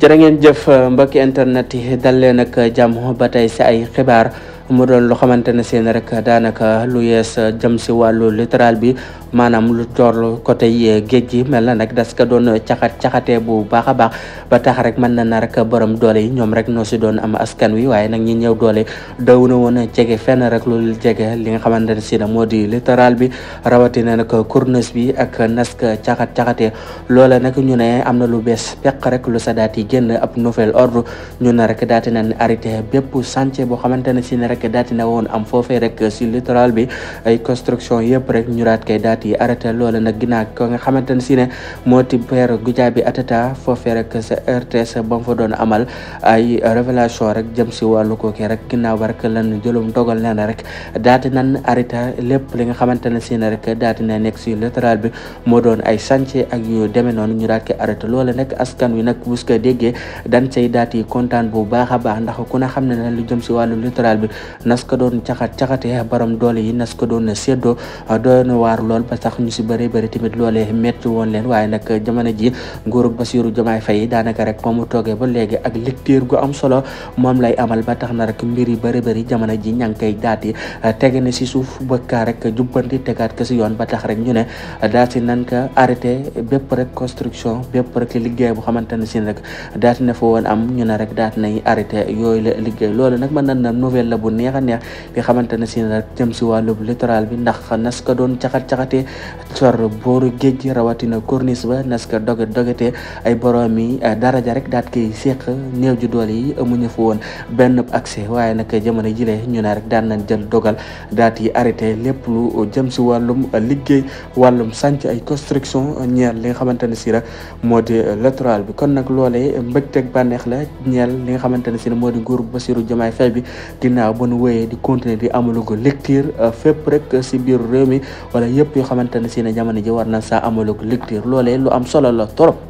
jërë ngeen jëf mbokki internet yi dal leen ak jàmm ba tey si ay xibaar mu doon lu xamante ne seen rek daanaka lu yees jëm si wàllu littoral bi maanaam lu toll côté eh, géej gi mel na nag das ka doon caxat caxatee bu baax a baax ba tax rek mën na na rek borom doole yi ñoom rek ñoo si doon am askan wi waaye nag ñi ñëw doole daw na woon jege fenn rek lu jege li nga xamante ne si na moo di littoral bi rawatina nag corniche bi ak naska caxat caxatee loola nag ñu ne am na lu bees peq rek lu sa daati génn ab nouvel ordre ñu ne rek daati nañ arrêté bépp chantier boo xamante ne si ne rek daati na woon am foofee rek si littoral bi ay construction yëpp rek ñu daat koy daat kat yi arrêté loola nag ginnaaw ko nga xamante ne si ne moo ti père Goudiaby Atepa foofee rek sa RTS ba mu fa doon amal ay révélation rek jëm si wàllu kooke rek ginnaaw ba lan jëlum dogal nee na rek daal di nan arrêté lépp nga xamante ne si rek daal di na nekk si littoral bi moo doon ay chantier ak yu demee noon ñu daal di loole loola nag askan wi nag bu ko déggee dañ say daal di kontaan bu baax a baax ndax ku ne xam ne ne lu jëm si wàllu littoral bi nas ko doon caxat caxatee borom doole yi nas ko doon a doon waar lool ba tax ñu si bëri bëri tamit loolee métti woon leen waaye nag jamono ji nguurug Basiru Jomaay Fay daanaka rek ba mu toogee ba léegi ak lecture gu am solo moom lay amal ba na rek mbir yi bëri bëri jamono ji ña ngi koy daati tege na si suuf ba kaar rek jubbanti tegaat ko si yoon ba tax rek ñu ne daal si nan ka arrêté bépp rek construction bépp rek liggéey bu xamante ne si rek daati na fa woon am ñu ne rek daati nay arrêté yooyu la liggéey loolu nag mën nan na nouvelle bu neex a neex bi xamante ne si rek si wàllub littoral bi ndax nas ko doon caxat-caxatee doxee cor booru géej gi rawatina corniche ba nas ko doget dogete ay borom yi eh, daraja rek daat koy séq néew ji doole yi amuñu fa woon benn accès waaye nag jamono jilee ñu ne rek daan nañ jël dogal daat yi arrêté lépp lu jëm si wàllum liggéey wàllum sànc ay construction ñeel li nga xamante ne si rek moo di littoral bi kon nag loolee mbëgteeg bànneex la ñeel li nga xamante ne si moo di nguur Bassirou Diomaye Faye bi ginnaaw ba nu wéyee di continuer di amalugo lecture eh, fépp rek si biir réew mi wala yëpp xamante ne si ne jamono ji war na saa amalug lecture loolee lu am solo la trop